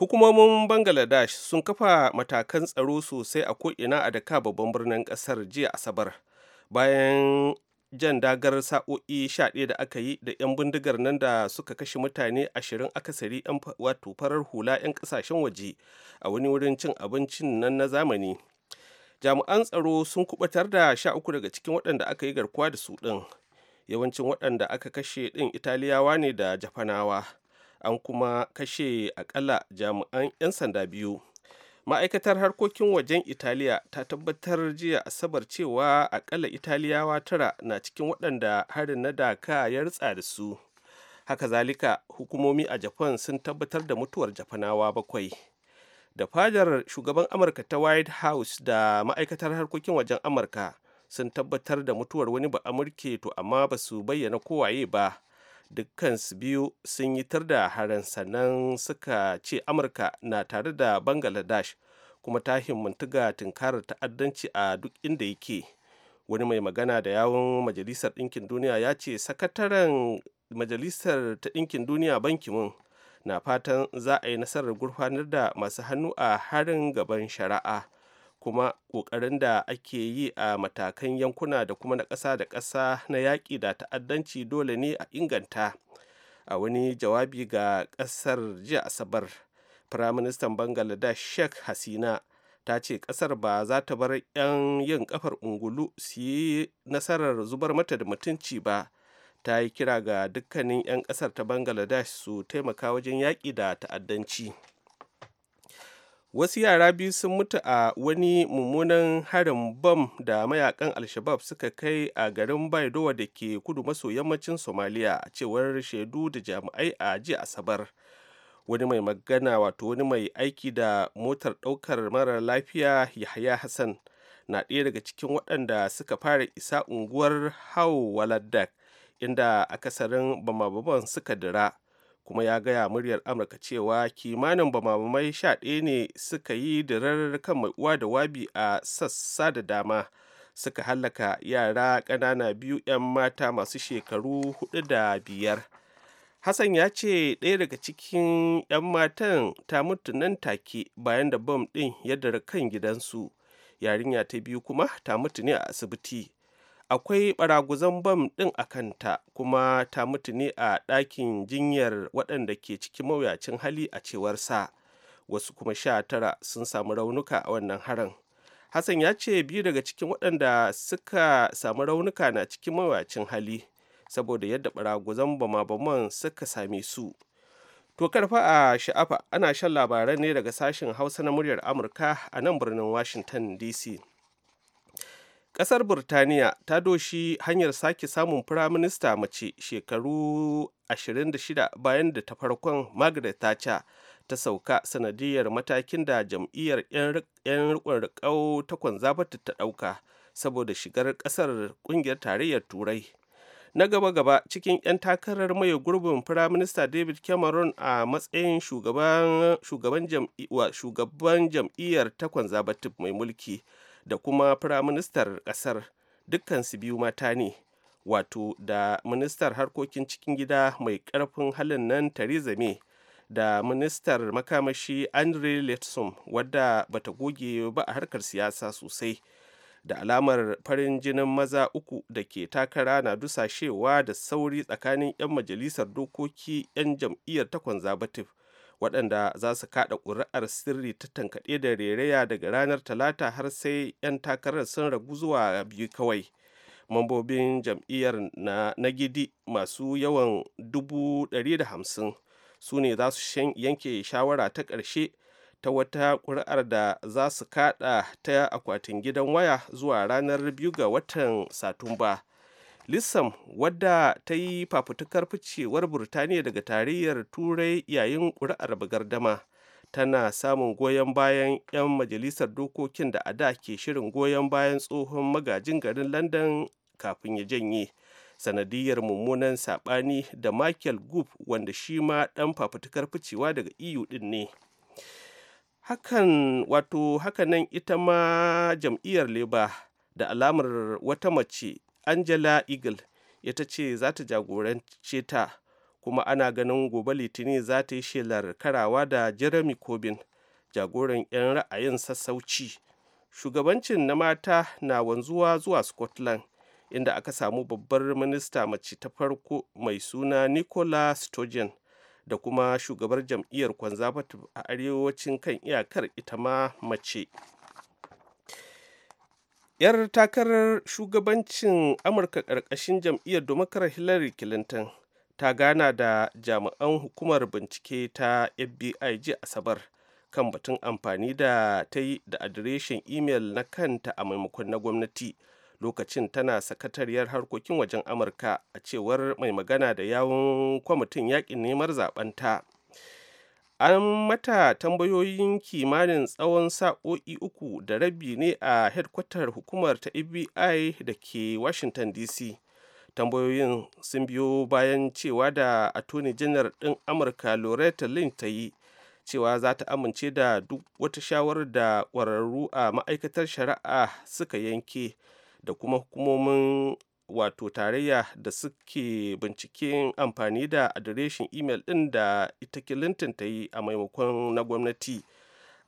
hukumomin bangladesh sun kafa matakan tsaro sosai a ko'ina a daka babban birnin kasar jiya asabar bayan jan dagar sa'o'i 11 da aka yi da 'yan bindigar nan da suka kashe mutane ashirin akasari 'yan wato farar hula 'yan kasashen waje a wani wurin cin abincin nan na zamani jami'an tsaro sun kubatar da sha uku daga cikin waɗanda aka yi garkuwa da su ɗin yawancin waɗanda aka kashe ɗin italiyawa ne da japanawa an kuma kashe akalla jami'an 'yan sanda biyu ma'aikatar harkokin wajen italiya ta tabbatar jiya asabar cewa akalla italiyawa tara na cikin waɗanda harin na daka ya ritsa da su haka zalika hukumomi a japan sun tabbatar da mutuwar japanawa bakwai da fadar shugaban amurka ta white house da ma'aikatar harkokin wajen amurka sun tabbatar da mutuwar wani ba amurke to amma ba su bayyana kowaye ba dukkan su biyu sun yi tar da harin sannan suka ce amurka na tare da bangladesh kuma ta himmantuga tunkarar ta'addanci a duk inda yake wani mai magana da yawon majalisar ɗinkin duniya ya ce sakataren majalisar ta ɗinkin duniya banki mun na fatan za a yi nasarar gurfanar da masu hannu a harin gaban shari'a kuma ƙoƙarin da ake yi a matakan yankuna da kuma na ƙasa da ƙasa na yaƙi da ta'addanci dole ne a inganta a wani jawabi ga ƙasar jiya asabar firaministan Bangaladesh sheikh hasina ta ce ƙasar ba za ta bar 'yan yin ƙafar ungulu su yi nasarar zubar mata da mutunci ba ta yi kira ga dukkanin 'yan ƙasar ta Bangaladesh su taimaka wajen yaƙi da ta'addanci. wasu yara biyu sun mutu a wani mummunan harin bam da mayakan alshabab suka kai a garin baidowa da ke kudu maso yammacin somaliya a cewar shaidu da jami'ai a jiya asabar wani mai magana wato wani mai aiki da motar ɗaukar marar lafiya yahaya hassan na ɗaya daga cikin waɗanda suka fara isa unguwar hau waladak inda akasarin bama suka dira kuma ya gaya muryar amurka cewa kimanin bamamai sha ɗaya ne suka yi dirar kan mai uwa da wabi a sassa da dama suka hallaka yara ƙanana biyu 'yan mata masu shekaru hudu da biyar hassan ya ce ɗaya daga cikin 'yan matan ta mutu nan take bayan da bom ɗin ya dara kan gidansu yarinya ta biyu kuma ta mutu ne a asibiti akwai baraguzan bam ɗin a kanta kuma ta mutu ne a ɗakin jinyar waɗanda ke cikin mawuyacin hali a cewar sa wasu kuma sha tara sun samu raunuka a wannan harin hassan ya ce biyu daga cikin waɗanda suka samu raunuka na cikin mawuyacin hali saboda yadda baraguzan bama-baman suka same su to karfa a sha'afa ana shan labaran ne daga sashen hausa na muryar amurka a nan birnin washington dc Ƙasar Burtaniya ta doshi hanyar sake samun firaminista mace shekaru 26 bayan da ta farkon Margaret Thatcher ta sauka sanadiyar matakin da jam'iyyar 'yan rikon rikau ta zabata ta ɗauka saboda shigar ƙasar ƙungiyar tarayyar Turai. Na gaba-gaba cikin 'yan takarar mai gurbin Firaminista David Cameron a matsayin shugaban jam'iyyar ta mai mulki. da kuma firaministar ƙasar dukkansu biyu mata ne wato da ministar harkokin cikin gida mai ƙarfin halin nan theresa may da ministar makamashi andre letson wadda bata goge ba a harkar siyasa sosai da alamar farin jinin maza uku da ke takara na dusashewa da sauri tsakanin 'yan majalisar dokoki 'yan jam'iyyar takwan zabatif waɗanda za su kaɗa ƙuri'ar sirri ta tankaɗe da rereya daga ranar talata har sai 'yan takarar sun ragu zuwa biyu kawai mambobin jam'iyyar na gidi masu yawan dubu da hamsin su ne za su yanke shawara ta ƙarshe ta wata ƙuri'ar da za su kaɗa ta akwatin gidan waya zuwa ranar biyu ga watan satumba lissam wadda ta yi fafutukar ficewar burtaniya daga tarayyar turai yayin ƙuri'ar bagardama tana samun goyon bayan 'yan majalisar dokokin da a da ke shirin goyon bayan tsohon magajin garin london kafin ya janye sanadiyar mummunan saɓani da michael goop wanda shi ma ɗan fafutukar ficewa daga eu ɗin ne hakan wato hakanan ita ma jam'iyyar leba da alamar wata mace angela eagle ta ce za ta jagorance ta kuma ana ganin gobe litinin za ta yi shelar karawa da jeremy corbyn jagoran 'yan ra'ayin sassauci shugabancin na mata na wanzuwa zuwa scotland inda aka samu babbar minista mace ta farko mai suna nicola sturgeon da kuma shugabar jam'iyyar conservative a arewacin kan iyakar ita ma mace 'yar takarar shugabancin amurka ƙarƙashin jam'iyyar domokar hillary clinton ta gana da jami'an hukumar bincike ta fbi ji asabar kan batun amfani da ta yi da adireshin imel na kanta a maimakon na gwamnati lokacin tana sakatariyar harkokin wajen amurka a cewar mai magana da yawun kwamitin yakin neman zaɓen ta an mata tambayoyin kimanin tsawon sa'o'i uku da rabi ne a hedkwatar hukumar ta fbi da ke washington dc tambayoyin sun biyo bayan cewa da attorney general ɗin amurka loretta lynn ta yi cewa za ta amince da duk wata shawarar da ƙwararru a ma'aikatar shari'a suka yanke da kuma hukumomin wato tarayya da suke binciken amfani da adireshin imel ɗin da ita clinton ta yi a maimakon na gwamnati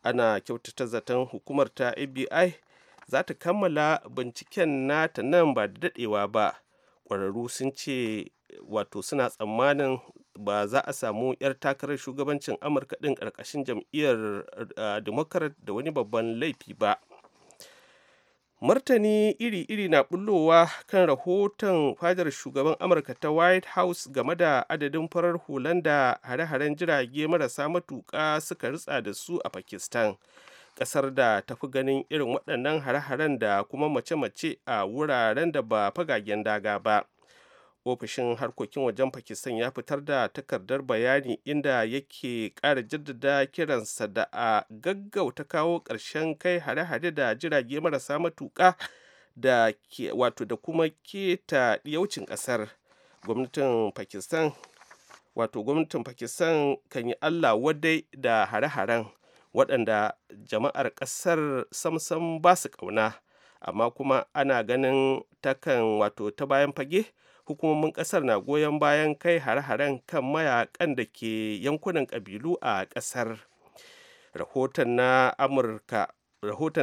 ana kyautata zaton hukumar ta abi za ta kammala binciken nata nan ba da dadewa ba ƙwararru sun ce wato suna tsammanin ba za a samu 'yar takarar shugabancin amurka ɗin ƙarƙashin jam'iyyar eh, democrat da wani babban laifi ba martani iri-iri na bullowa kan rahoton fadar shugaban amurka ta white house game da adadin farar hulan da hare-haren jirage marasa matuka suka ritsa da su a pakistan kasar da tafi ganin irin waɗannan hare-haren da kuma mace-mace a wuraren da ba fagagen daga ba ofishin harkokin wajen pakistan ya fitar da takardar bayani inda yake kara jaddada kiransa da a gaggauta kawo ƙarshen kai hare-hare da jirage marasa matuƙa da wato da kuma keta yaucin ƙasar gwamnatin pakistan wato gwamnatin pakistan kan yi allah wadai da hare-haren waɗanda jama'ar ƙasar samsam ba su ƙauna amma kuma ana ganin takan wato ta bayan fage hukumomin kasar na goyon bayan kai hare-haren kan mayakan da ke yankunan kabilu a kasar rahoton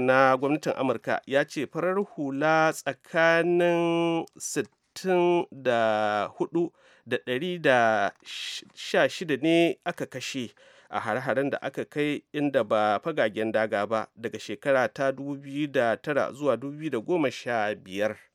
na gwamnatin amurka ya ce farar hula tsakanin 64 da shida ne aka kashe a hare-haren da aka kai inda ba fagagen daga ba daga shekara ta 2009 zuwa 2015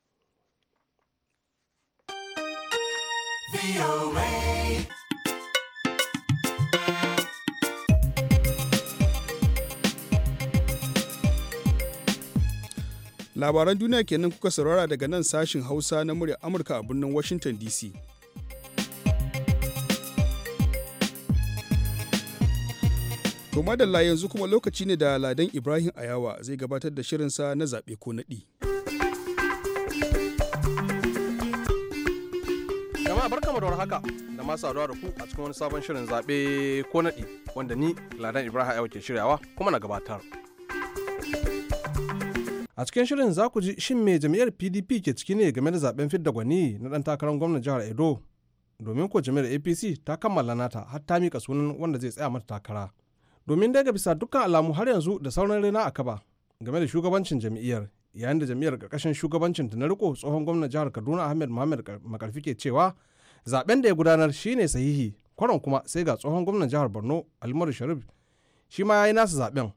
Labaran duniya kenan kuka saurara daga nan sashin Hausa na murya Amurka a birnin Washington DC. To madalla yanzu kuma lokaci ne da Ladan Ibrahim Ayawa zai gabatar da shirinsa na zaɓe ko naɗi. jama'a barkamu da haka da ma saduwa da ku a cikin wani sabon shirin zaɓe ko naɗi wanda ni Ladan Ibrahim ke shiryawa kuma na gabatar. A cikin shirin za ku ji shin me jami'ar PDP ke ciki ne game da zaben fidda gwani na ɗan takarar gwamnan jihar Edo domin ko jami'ar APC ta kammala nata har ta mika sunan wanda zai tsaya mata takara. Domin ga bisa dukkan alamu har yanzu da sauran rena a kaba game da shugabancin jami'ar yayin da jami'ar ƙarƙashin shugabancin ta na riko tsohon gwamnan jihar Kaduna Ahmed Muhammad Makarfi ke cewa zaben da ya gudanar shine sahihi kwaron kuma sai ga tsohon gwamnan jihar borno almaru sharif shi ma ya yi nasa zaben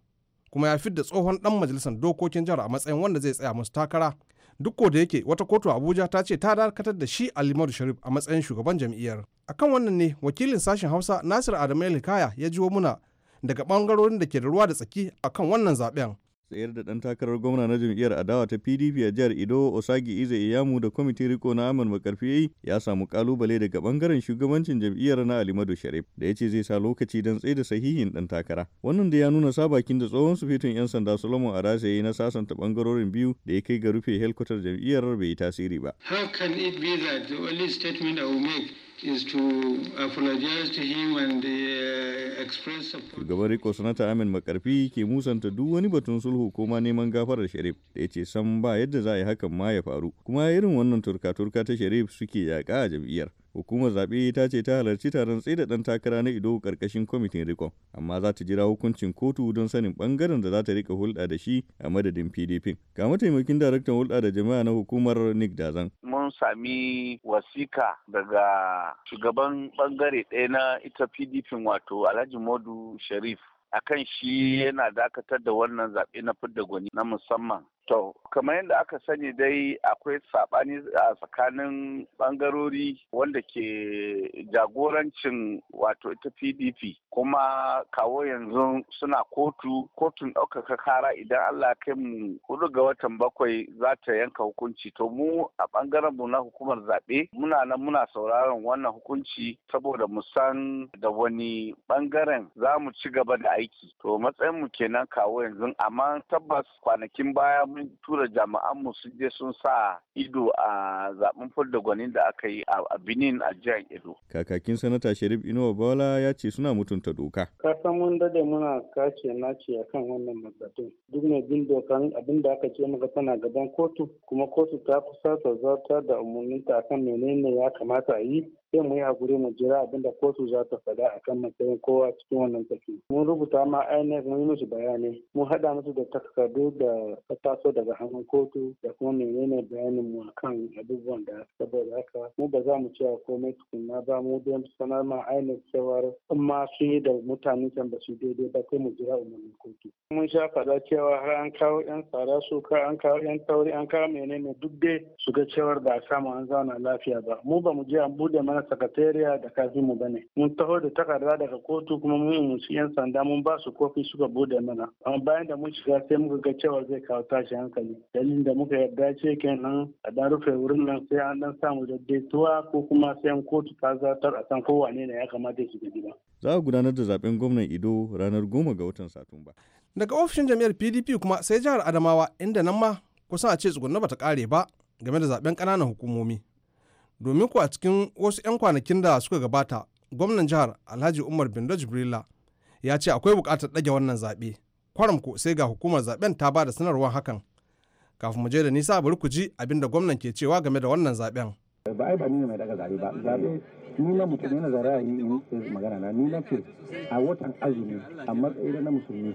kuma ya fidda tsohon dan majalisar dokokin jihar a matsayin wanda zai tsaya musu takara duk ko da yake wata kotu abuja ta ce ta dakatar da shi alimaru sharif a matsayin shugaban jam'iyyar akan wannan ne wakilin sashen hausa nasir adamu hikaya ya jiwo muna daga bangarorin da ke da ruwa da tsaki akan wannan zaben tsayar da ɗan takarar gwamna na jam'iyyar adawa ta pdp a jihar ido osagi ize iyamu da kwamitin riko na amur makarfi ya samu kalubale daga bangaren shugabancin jam'iyyar na alimadu sharif da ya ce zai sa lokaci don da sahihin ɗan takara wannan da ya nuna sabakin da tsohon su sufetun yan sanda solomon arasa ya yi na sasanta bangarorin biyu da ya kai ga rufe helkwatar jam'iyyar bai yi tasiri ba how can is to uh, sanata Amin Makarfi ke musanta duk wani batun sulhu ko ma neman gafarar Sharif da ya ce san ba yadda za a yi hakan ma ya faru kuma irin wannan turka-turka ta Sharif suke yaƙa a jam'iyyar. Hukumar zaɓe ta ce ta halarci taron tsaida ɗan takara na Ido ƙarƙashin kwamitin rikon, amma za ta jira hukuncin kotu don sanin ɓangaren da za ta rika hulɗa da shi a madadin PDP. Ga mataimakin daraktan hulɗa da jama'a na hukumar Nick Dazan. Mun sami wasika daga shugaban ɓangare ɗaya na ita PDP wato Alhaji Modu Sharif akan shi yana dakatar da wannan zaɓe na fidda gwani na musamman To, kamar yadda aka sani dai akwai saɓani a tsakanin ɓangarori wanda ke jagorancin wato ita PDP kuma kawo yanzu suna kotu, kotun ɗaukaka kara idan Allah kai mu hudu ga watan bakwai za ta yanka hukunci. To mu a ɓangaren mu na hukumar zaɓe muna nan muna sauraron wannan hukunci saboda mu san da wani ɓangaren za mu ci gaba da aiki. To matsayin mu kenan kawo yanzu amma tabbas kwanakin baya mun tura jami'an mu sun je sun sa ido a zaben fudda gwanin da aka yi a Benin a jihar Edo. Kakakin sanata Sharif Inuwa Bola ya ce suna mutunta doka. Ka san mun dade muna kace na ce akan wannan matsatun. Duk mai bin dokan abin da aka ce maka tana gaban kotu kuma kotu ta kusa ta zartar da umarninta akan menene ya kamata a yi sai mu yi hakuri mu jira abin da kotu za ta faɗa a kan matsayin kowa cikin wannan tafi. Mun rubuta ma INEC mun yi musu bayani. mun haɗa musu da takardu da ta taso daga hannun kotu da kuma menene bayanin mu akan abubuwan da saboda haka mu ba za mu cewa komai tukunna ba mu don sanar ma INEC cewar in ma su yi da mutane can ba su daidai ba sai mu jira umarnin kotu. Mun sha faɗa cewa har an kawo 'yan tsara ka an kawo 'yan tauri an kawo menene duk dai su ga cewar ba a samu an zauna lafiya ba. Mu ba mu je an buɗe mana sakatariya da kafin mu bane mun taho da takarda daga kotu kuma mun musu yan sanda mun ba su kofi suka bude mana amma bayan da mun shiga sai muka ga cewa zai kawo tashi hankali dalilin da muka yarda ce kenan a dan rufe wurin nan sai an dan samu daidaituwa ko kuma sai an kotu ta zartar a san kowane ne ya kamata ya shiga gida za a gudanar da zaben gwamnan ido ranar goma ga watan satumba daga ofishin jami'ar pdp kuma sai jihar adamawa inda nan ma kusan a ce tsugunna bata kare ba game da zaben ƙananan hukumomi domin ku a cikin wasu 'yan kwanakin da suka gabata gwamnan jihar alhaji umar bindo jibrila ya ce akwai bukatar ɗage wannan zaɓe kwaram ko sai ga hukumar zaɓen ta ba da sanarwar hakan kafin mu je da nisa bari ku ji abin da gwamnan ke cewa game da wannan zaɓen. ba ai ba ni ne mai daga zaɓe ba zaɓe ni na mutum ne na zara ni in magana na ni na ce a watan azumi a matsayin na musulmi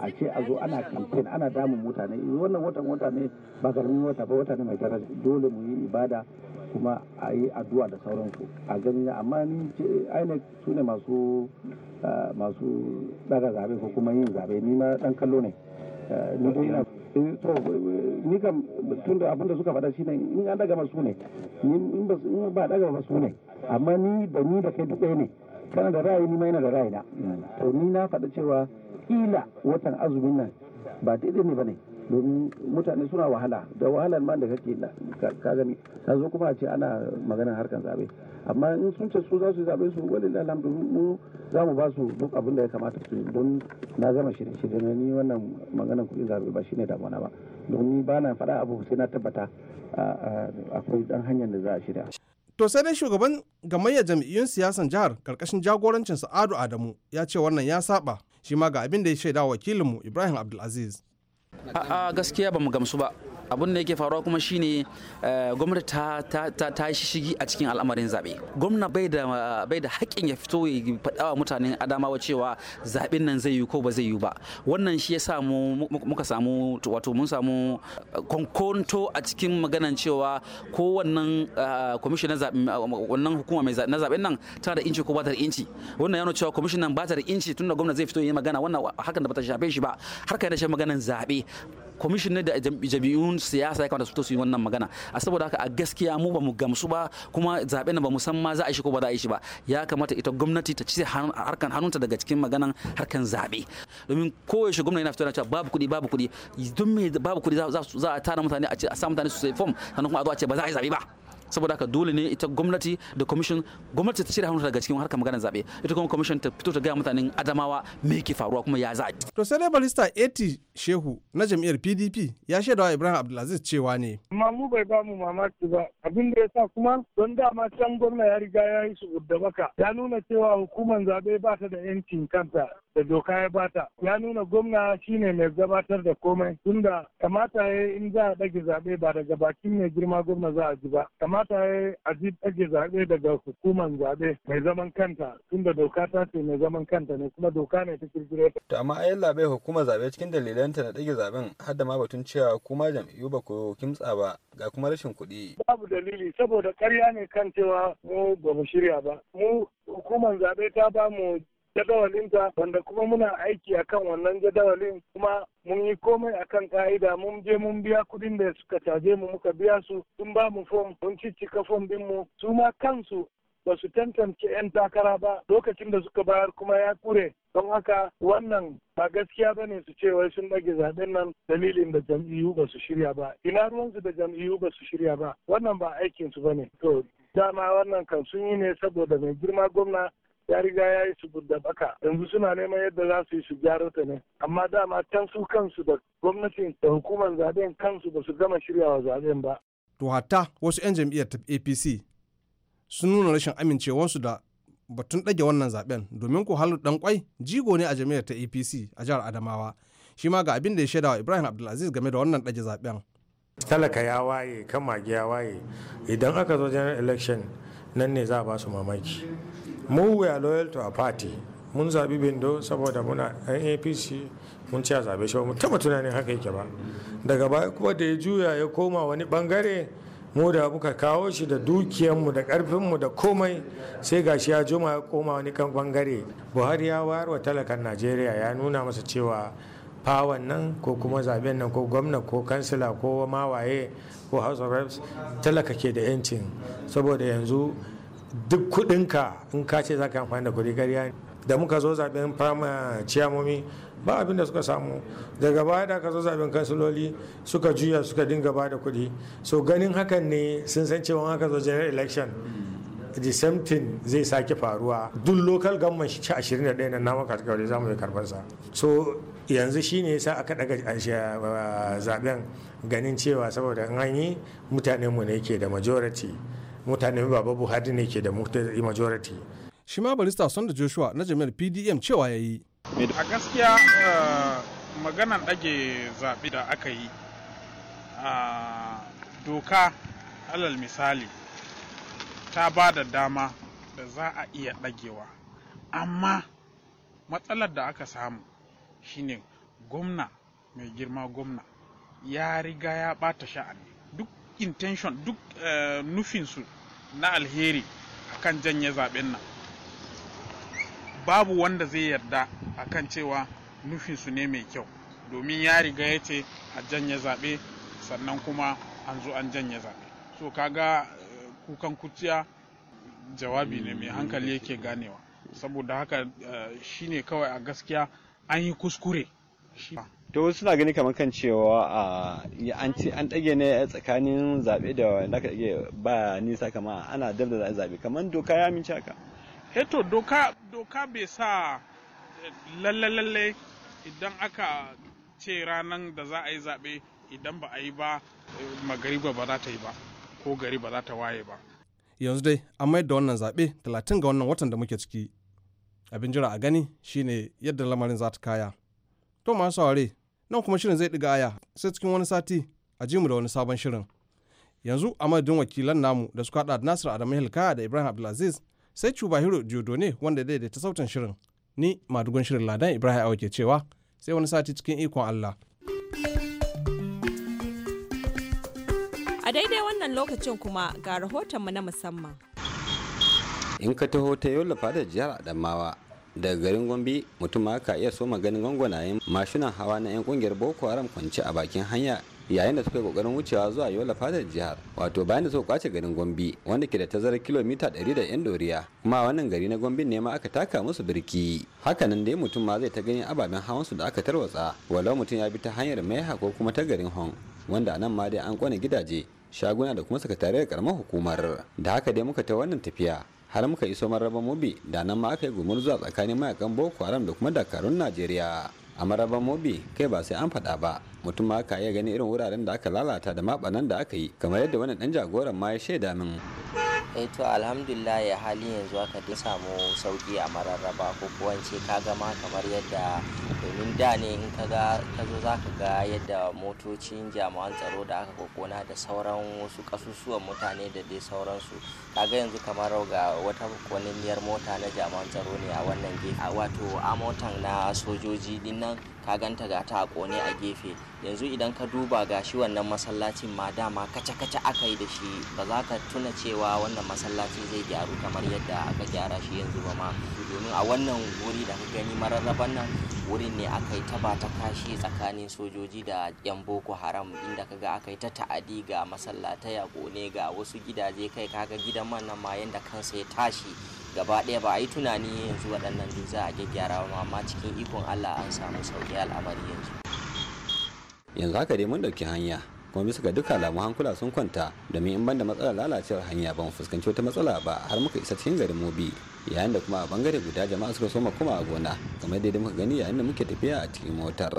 a ce a zo ana kamfen ana damun mutane wannan watan wata ne ba garmin wata ba wata ne mai daraja dole mu yi ibada kuma a yi addu'a da sauransu a gani amma ni ce inec su ne masu eh, masu daga zabe ko kuma yin zabe ni ma dan kallo ne eh, ni dai ina eh, to ni kam tun da abinda suka faɗa shine in an daga masu ne in ba daga ba su ne amma ni da ni da kai duk ne kana da ra'ayi ni ma ina da ra'ayi na mm. to ni na faɗa cewa kila watan azumin nan ba daidai ne ba ne domin mutane suna wahala da wahalar ma da kake ka gani ta zo kuma ce ana maganar harkar zabe amma in sun ce su za su zabe su wani alhamdu mu za mu ba su duk abin da ya kamata su don na gama shirye shirye na ni wannan maganar kuɗin zabe ba shine damuwa ba domin ba na faɗa abu sai na tabbata akwai ɗan hanyar da za a shirya. To sai dai shugaban gamayyar jam'iyyun siyasan jihar karkashin jagorancin Sa'adu Adamu ya ce wannan ya saba shi ma ga abin da ya shaida wakilinmu Ibrahim Abdulaziz. a'a gaskiya ba mu gamsu ba abin da yake faruwa kuma shine eh, gwamnati ta ta ta shigi a cikin al'amarin zabe gwamna bai da bai da haƙƙin ya fito ya faɗa wa mutane adamawa cewa zaɓen nan zai yi ko ba zai yi ba wannan shi ya samu muka samu wato mun samu eh, konkonto a cikin maganan cewa ko wannan eh, kwamishinan wannan hukuma mai na zaɓen nan tana da inci ko ba ta da inci wannan ya nuna cewa kwamishinan ba ta da inci tunda gwamna zai fito yi magana wannan hakan da ba ta shafe shi ba har kai da shi maganan zaɓe kwamishin da jami'un siyasa ya kamata su fito su yi wannan magana a saboda haka a gaskiya mu ba mu gamsu ba kuma zaɓen ba mu san ma za a shi ko ba za a yi shi ba ya kamata ita gwamnati ta cire harkan hannunta daga cikin maganan harkan zaɓe domin koyaushe gwamnati yana fito na cewa babu kuɗi babu kuɗi don me babu kuɗi za a tara mutane a sa mutane su sai fom sannan kuma a zo a ce ba za a yi zaɓe ba saboda haka dole ne ita gwamnati da commission gwamnati ta cire hannu daga cikin harkar maganar zabe ita kuma commission ta fito ta gaya mutanen adamawa me yake faruwa kuma ya za to sai barista at shehu na jam'iyyar pdp ya shaidawa ibrahim abdulaziz cewa ne amma mu bai ba mu mamaki ba abin da ya sa kuma don dama can gwamna ya riga ya yi su da baka ya nuna cewa hukumar zabe ba ta da yancin kanta da doka ya bata ya nuna gwamna shine mai gabatar da komai tunda kamata ya in za a ɗage zabe ba daga bakin mai girma gwamna za a ji ba kamata kamata ya yi a ɗage zaɓe daga hukumar zaɓe mai zaman kanta tunda doka ta ce mai zaman kanta ne kuma doka ne ta kirkire ta. To amma ayin labe hukumar zaɓe cikin dalilanta na ɗage zaɓen har da ma batun cewa kuma jam'iyyu ba ku kimtsa ba ga kuma rashin kuɗi. Babu dalili saboda karya ne kan cewa mu ba mu shirya ba. Mu hukumar zaɓe ta ba mu jadawalinta wanda kuma muna aiki akan wannan jadawalin kuma mun yi komai akan ka'ida mun je mun biya kudin da suka caje mu muka biya su sun ba mu fom mun ciccika fom din mu su ma kansu ba su tantance 'yan takara ba lokacin da suka bayar kuma ya kure don haka wannan ba gaskiya ba ne su cewa sun ɗage zaɓen nan dalilin da jam'iyyu ba su shirya ba ina ruwansu da jam'iyyu ba su shirya ba wannan ba aikinsu ba ne to dama wannan kan sun yi ne saboda mai girma gwamna ya riga ya yi su da baka yanzu suna neman yadda za su yi su gyara ta ne amma dama can su kansu da gwamnatin da hukumar zaben kansu ba su gama shiryawa zaben ba. to hatta wasu 'yan jam'iyyar ta apc sun nuna rashin amincewarsu da batun ɗage wannan zaben domin ko halu dan kwai jigo ne a jam'iyyar ta apc a jihar adamawa shi ma ga abin da ya shaidawa ibrahim abdulaziz game da wannan ɗage zaben. talaka ya waye kan magi ya waye idan aka zo janar election nan ne za a ba su mamaki mu we are loyal to our party mun zabi bindo saboda muna yan apc mun ci a zabe shi mu taba tunanin haka yake ba daga baya kuma da ya juya ya koma wani bangare mu da muka kawo shi da dukiyanmu da karfinmu da komai sai gashi ya juma ya koma wani kan bangare buhari ya wayar wa talakan najeriya ya nuna masa cewa fawan nan ko kuma zaben nan ko gwamna ko kansila ko mawaye ko house of reps talaka ke da yancin saboda yanzu duk kudinka in ka ce za ka amfani da kudi karya ne da muka zo zaben firama ciyamomi ba abin da suka samu daga baya da ka zo zaben kansiloli suka juya suka dinga ba da kudi so ganin hakan ne sun san cewa aka zo general election the same thing zai sake faruwa duk local government shi ci 21 na nama kategori za mu yi karfarsa so yanzu shi ne sa aka daga zaben ganin cewa saboda an yi mutanenmu mu ne ke da majority mutane baba buhari ne ke da majority shi ma barista son da joshua na jami'ar pdm cewa ya yi a gaskiya eh, maganan ɗage zaɓe da aka yi a doka alal misali ta ba da dama da za a iya ɗagewa amma matsalar da aka samu shine gwamna mai girma gwamna ya riga ya ɓata sha'ani intention duk eh, nufinsu na alheri a kan janye zaben nan babu wanda zai yarda a kan cewa nufinsu ne mai kyau domin ya riga ya ce a janye zaɓe sannan kuma an zo an janye zaɓe so ka ga eh, kukan kuciya jawabi ne mai hankali yake ganewa saboda haka eh, shine kawai a gaskiya an yi kuskure to suna gani kamar kan cewa an an ɗage ne tsakanin zaɓe da wanda ka ɗage ba nisa kama ana dab da zaɓe kamar doka ya mince haka eh to doka doka bai sa lalle lalle idan aka ce ranar da za a yi zaɓe idan ba a yi ba magariba ba za ta yi ba ko gari ba za ta waye ba yanzu dai an mayar da wannan zaɓe 30 ga wannan watan da muke ciki abin jira a gani shine yadda lamarin za ta kaya to masu saurare nan kuma shirin zai ɗiga aya sai cikin wani sati a ji mu da wani sabon shirin yanzu a madadin wakilan namu da suka haɗa nasir adamu hilka da ibrahim abdulaziz sai cuba hiro ne wanda ta sautin shirin ni madugun shirin ladan ibrahim awa ke cewa sai wani sati cikin ikon allah a daidai wannan lokacin kuma ga rahotonmu na musamman in ka taho ta yola da jihar adamawa daga garin gombe mutum ma ka iya soma ganin gwangwanayen mashinan hawa na 'yan kungiyar boko haram kwance a bakin hanya yayin da suka yi kokarin wucewa zuwa yola fadar jihar wato bayan da suka kwace garin gombe wanda ke da tazarar kilomita 100 da yan doriya kuma wannan gari na gombe ne ma aka taka musu birki hakanan dai mutum ma zai ta gani ababen hawan su da aka tarwatsa walau mutum ya bi ta hanyar maiha ko kuma ta garin hon wanda a nan ma dai an kone gidaje shaguna da kuma sakatare sakatariyar karamar hukumar da haka dai muka ta wannan tafiya har muka iso maraba mobi da nan ma aka yi gumur zuwa tsakanin mayakan boko haram da kuma dakarun najeriya a maraba mobi kai ba sai an faɗa ba mutum ma aka iya gani irin wuraren da aka lalata da maɓanan da aka yi kamar yadda wani ɗan jagoran ma ya shaida min eh to alhamdulillah ya hali yanzu aka samu sauki a mararraba ko kuwa ka gama kamar yadda domin da ne in ka zo za ka ga yadda motocin jami'an tsaro da aka kokona da sauran wasu kasusuwan mutane da dai sauransu kaga yanzu kamar ga wata kwaniliyar mota na jami'an tsaro ne a wannan gefe wato a motan na sojoji dinnan ka ganta ga ta a kone a gefe yanzu idan ka duba ga shi wannan masallacin ma dama kaca-kaca aka yi da shi ba za ka tuna cewa wannan masallaci zai gyaru kamar yadda aka gyara shi yanzu ba ma domin a wannan wuri da ka gani mararraban nan wurin ne aka yi ta ba ta kashe tsakanin sojoji da 'yan boko haram inda kaga aka yi ta ta'adi ga masallatai a kone ga wasu gidaje kai kaga gidan man nan ma yanda kansa ya tashi gaba ɗaya ba a yi tunani yanzu waɗannan duk za a gyaggyara ba amma cikin ikon allah an samu sauƙi al'amari yanzu yanzu haka dai mun ɗauki hanya kuma bisa ga duka alamu hankula sun kwanta domin in banda matsalar lalacewar hanya ban fuskanci wata matsala ba har muka isa cikin garin mobi yayin da kuma a bangare guda jama'a suka soma kuma a gona kamar daidai muka gani yayin da muke tafiya a cikin motar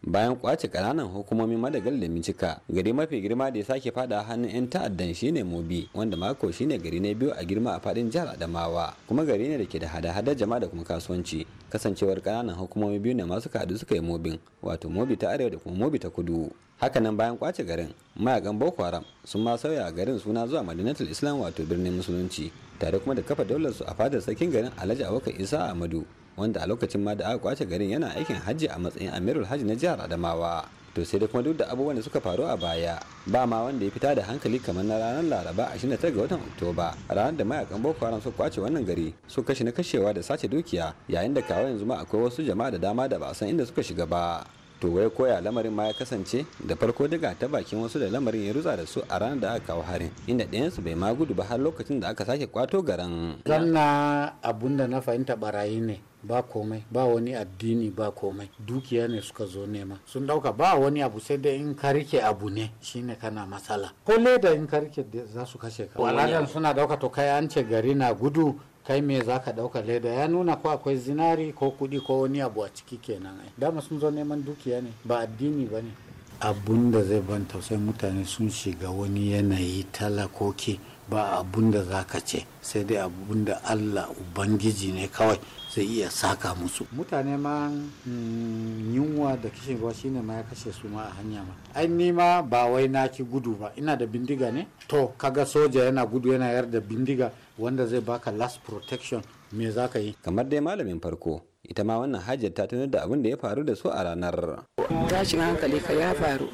bayan kwace kananan hukumomin madagal da mincika gari mafi girma da ya sake fada hannun 'yan ta'addan shine mobi wanda mako shine gari na biyu a girma a fadin jihar adamawa kuma gari ne da ke da hada-hada jama'a da kuma kasuwanci kasancewar kananan hukumomi biyu ne masu kadu suka yi mobin wato mobi ta arewa da kuma mobi ta kudu hakanan bayan kwace garin mayakan boko haram sun ma sauya garin suna zuwa madinatul islam wato birnin musulunci tare kuma da kafa daular su a fadar sarkin garin alhaji abubakar isa amadu wanda a lokacin ma da aka kwace garin yana aikin hajji a matsayin amirul hajji na jihar adamawa to sai da kuma duk da abubuwan da suka faru a baya ba ma wanda ya fita da hankali kamar na ranar laraba a ta ga watan oktoba ranar da mayakan boko haram suka kwace wannan gari su kashe na kashewa da sace dukiya yayin da kawo yanzu ma akwai wasu jama'a da dama da ba a san inda suka shiga ba to wai koya lamarin ma ya kasance da farko daga ta bakin wasu da lamarin ya rutsa da su a ranar da aka kawo harin inda ɗayansu bai ma gudu ba har lokacin da aka sake kwato garan zanna abun da na fahimta barayi ne ba komai ba wani addini ba komai dukiya ne suka zo nema sun dauka ba wani abu sai dai in ka rike abu ne shine kana matsala ko leda in ka rike za su kashe ka walagan suna dauka to kai an ce gari na gudu kai me za ka ɗauka leda ya nuna ko akwai zinari ko kuɗi ko wani abu a ciki kenan ai dama sun zo neman dukiya ne ba addini ba ne abun da zai ban tausayi mutane sun shiga wani yanayi talakoki ba abun da za ka ce sai dai abun da allah ubangiji ne kawai zai iya saka musu mutane ma mm, yunwa da kishin ruwa shine ma ya kashe su ma a hanya ma ai ni ma ba wai na ki gudu ba ina da bindiga ne to kaga soja yana gudu yana yar da bindiga wanda zai baka last protection me za ka yi kamar dai malamin farko ita ma wannan hajjar ta tunar da abin da ya faru da su a ranar tashin hankali ka ya faru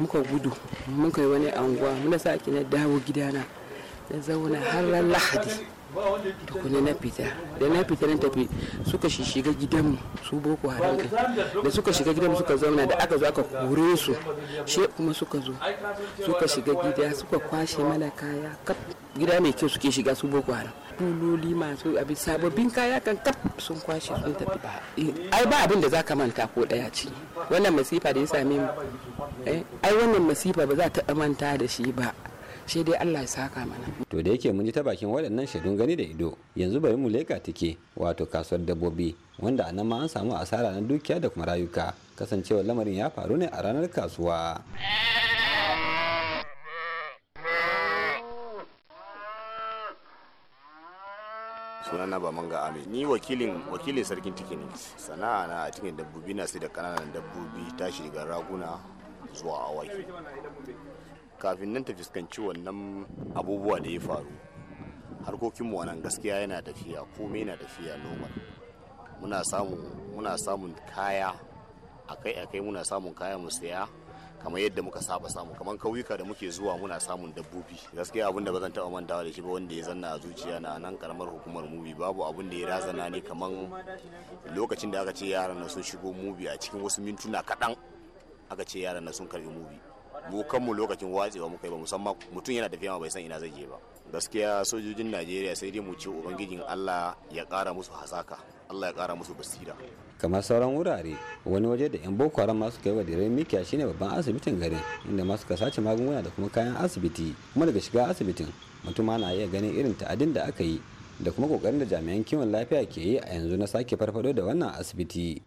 muka gudu muka yi wani anguwa muna sa na dawo gidana na zauna har lahadi tukuni na fita da na fita na tafi suka shiga gidanmu su boko haram din da suka shiga gidanmu suka zauna da aka zo aka kore su she kuma suka zo suka shiga gida suka kwashe mana kaya kap gida mai kyau suke shiga su boko haram buloli masu abi sababbin kaya kan kap sun kwashe sun tafi ba eh, ai ba abin da za ka manta ko daya ce wannan masifa da ya same mu eh, ai wannan masifa ba za ta manta da shi ba sai dai Allah ya saka mana to da yake mun ji ta bakin waɗannan shaidun gani da ido yanzu bari mu leka take wato kasuwar dabbobi wanda a nan ma an samu asara na dukiya da kuma rayuka kasancewar lamarin ya faru ne a ranar kasuwa sunana ba manga ame ni wakilin wakilin sarkin tikini sana'a na a cikin dabbobi na sai da kananan dabbobi ta shiga raguna zuwa awaki kafin nan ta fuskanci wannan abubuwa da ya faru harkokinmu a nan gaskiya yana tafiya komai yana tafiya normal muna samun muna samun kaya akai akai muna samun kaya mu saya kamar yadda muka saba samu kamar kauyuka da muke zuwa muna samun dabbobi gaskiya abin da ba bazan taba mantawa da shi ba wanda ya zanna a zuciya na nan karamar hukumar mubi babu abin da ya razana ne kamar lokacin da aka ce yaran sun shigo mubi a cikin wasu mintuna kaɗan aka ce yaran sun karbi mubi mu kanmu lokacin watsewa muka yi ba musamman mutum yana tafiya bai san ina zai je ba gaskiya sojojin najeriya sai dai mu ce ubangijin allah ya kara musu hasaka allah ya kara musu basira kamar sauran wurare wani waje da yan boko haram masu kai wa diren mikiya shine babban asibitin garin inda masu ka sace magunguna da kuma kayan asibiti kuma daga shiga asibitin mutum na iya ganin irin ta'adin da aka yi da kuma kokarin da jami'an kiwon lafiya ke yi a yanzu na sake farfado da wannan asibiti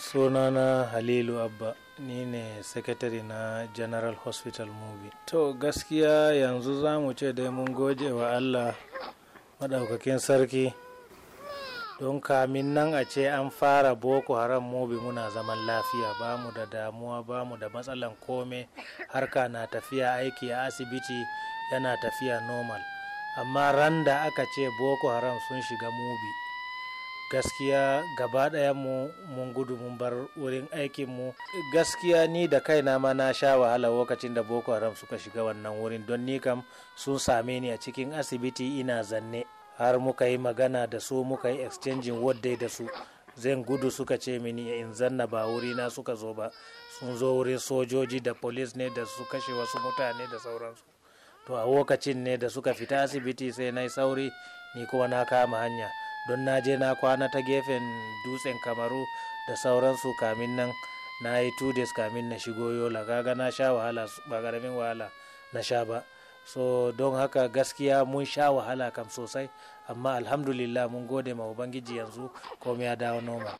sunana halilu abba ni ne sakatare na general hospital movie to gaskiya yanzu za mu ce dai mun goje wa allah maɗaukakin sarki don kamin nan a ce an fara boko haram mobi muna zaman lafiya ba mu da damuwa ba mu da matsalan kome harka na tafiya aiki a asibiti yana tafiya normal amma ran da aka ce boko haram sun shiga mobi gaskiya gaba ɗaya mu mun gudu mun bar wurin aikin mu gaskiya ni da kaina ma na sha wahala lokacin da boko haram suka shiga wannan wurin don ni kam sun same ni a cikin asibiti ina zanne har muka yi magana da su muka yi exchanging word da su zan gudu suka ce mini eh, in zanna ba wuri na suka zo ba sun zo wurin sojoji da polis ne da su kashe wasu mutane da sauransu to a lokacin ne da suka fita asibiti sai na sauri ni kuma na kama hanya don na je na kwana ta gefen dutsen kamaru da sauransu kamin nan na yi two kamin na shigo yola kaga na sha wahala ba karamin wahala na sha ba so don haka gaskiya mun sha wahala kam sosai amma alhamdulillah mun gode ma ubangiji yanzu komai ya dawo noma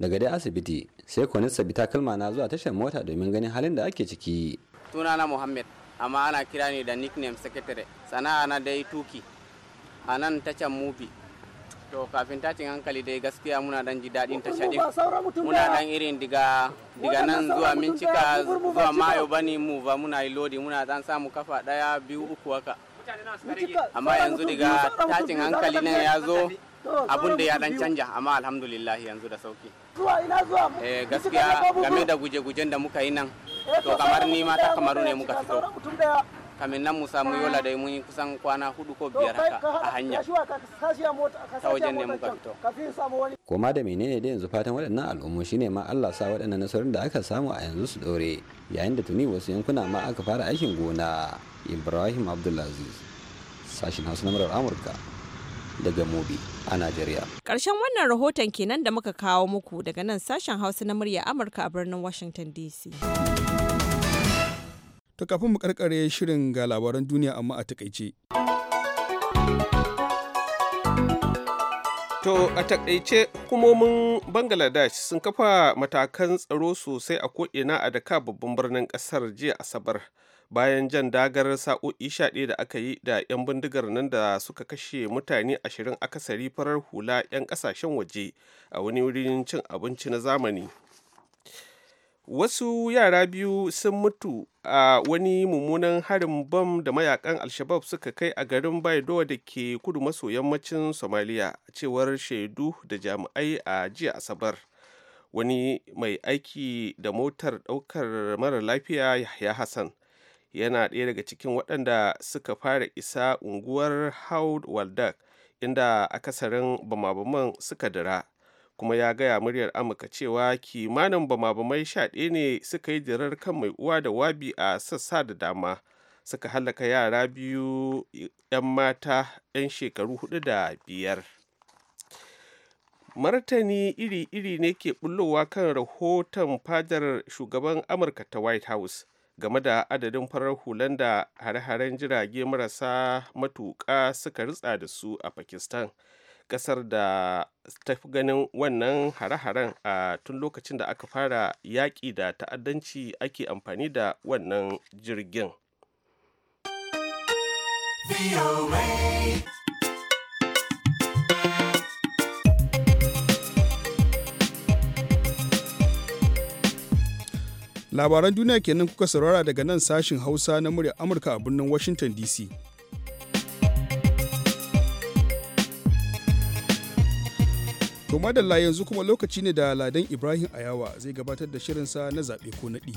daga dai asibiti sai kwanin sabita kalma na zuwa tashar mota domin ganin halin da ake ciki tunana muhammad amma ana kira ni da nickname secretary sana'a na dai tuki a nan tacan mubi to kafin tashin hankali dai gaskiya muna dan ji daɗin ta ɗin muna dan irin diga nan zuwa mincika zuwa mayo bani mu ba muna yi lodi muna dan samu kafa ɗaya biyu uku haka amma yanzu diga tashin hankali nan ya zo abun da ya dan canja amma alhamdulillah yanzu da sauki eh, gaskiya game da guje-gujen da muka yi nan to kamar ni ma ta kamaru ne muka fito kamin nan mu yola dai mun kusan kwana hudu ko biyar haka a hanya ta wajen ne muka fito koma da menene da yanzu fatan waɗannan al'ummu shine ma Allah sa waɗannan nasarorin da aka samu a yanzu su dore yayin da tuni wasu yankuna ma aka fara aikin gona Ibrahim Abdulaziz sashin Hausa na murar Amurka daga Mobi a Najeriya. Karshen wannan rahoton kenan da muka kawo muku daga nan sashen Hausa na murya Amurka a birnin Washington DC. To kafin mu karkare shirin ga labaran duniya amma a takaice. To a takaice hukumomin Bangladesh sun kafa matakan tsaro sosai a ko'ina a daka babban birnin kasar jiya Asabar bayan jan dagar sa'o'i shaɗe da aka yi da 'yan bindigar nan da suka kashe mutane ashirin akasari farar hula 'yan ƙasashen waje a wani wurin cin abinci na zamani. Wasu yara biyu sun mutu a wani mummunan harin bam da mayakan alshabab suka kai a garin baido da ke kudu maso yammacin somaliya cewar shaidu da jami'ai a jiya asabar wani mai aiki da motar ɗaukar mara lafiya yahya hassan yana ɗaya daga cikin waɗanda suka fara isa unguwar haud waldak inda akasarin bama-baman suka dira kuma ya gaya muryar amurka cewa kimanin bama-bamai sha ɗaya ne suka yi jirar kan mai uwa da wabi a sassa da dama suka halaka yara biyu 'yan mata 'yan shekaru hudu da biyar martani iri-iri ne ke bullowa kan rahoton fadar shugaban amurka ta white house game da adadin farar hulan da hare-haren jirage marasa matuƙa suka ritsa da su a pakistan kasar da ta fi ganin wannan hare-haren a tun lokacin da aka fara yaƙi da ta'addanci ake amfani da wannan jirgin. Labaran duniya kenan kuka saurara daga nan sashin Hausa na murya Amurka a birnin Washington DC. To madalla yanzu kuma lokaci ne da Ladan Ibrahim Ayawa zai gabatar da shirinsa na zaɓe ko naɗi.